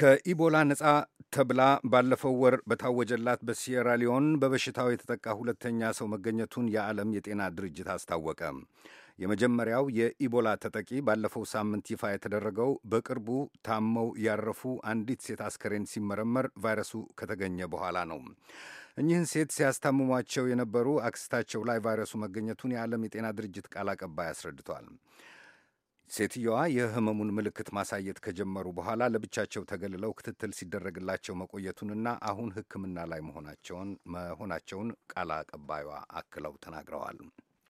ከኢቦላ ነፃ ተብላ ባለፈው ወር በታወጀላት በሲየራ ሊዮን በበሽታው የተጠቃ ሁለተኛ ሰው መገኘቱን የዓለም የጤና ድርጅት አስታወቀ። የመጀመሪያው የኢቦላ ተጠቂ ባለፈው ሳምንት ይፋ የተደረገው በቅርቡ ታመው ያረፉ አንዲት ሴት አስከሬን ሲመረመር ቫይረሱ ከተገኘ በኋላ ነው። እኚህን ሴት ሲያስታምሟቸው የነበሩ አክስታቸው ላይ ቫይረሱ መገኘቱን የዓለም የጤና ድርጅት ቃል አቀባይ አስረድቷል። ሴትየዋ የህመሙን ምልክት ማሳየት ከጀመሩ በኋላ ለብቻቸው ተገልለው ክትትል ሲደረግላቸው መቆየቱንና አሁን ሕክምና ላይ መሆናቸውን መሆናቸውን ቃል አቀባዩዋ አክለው ተናግረዋል።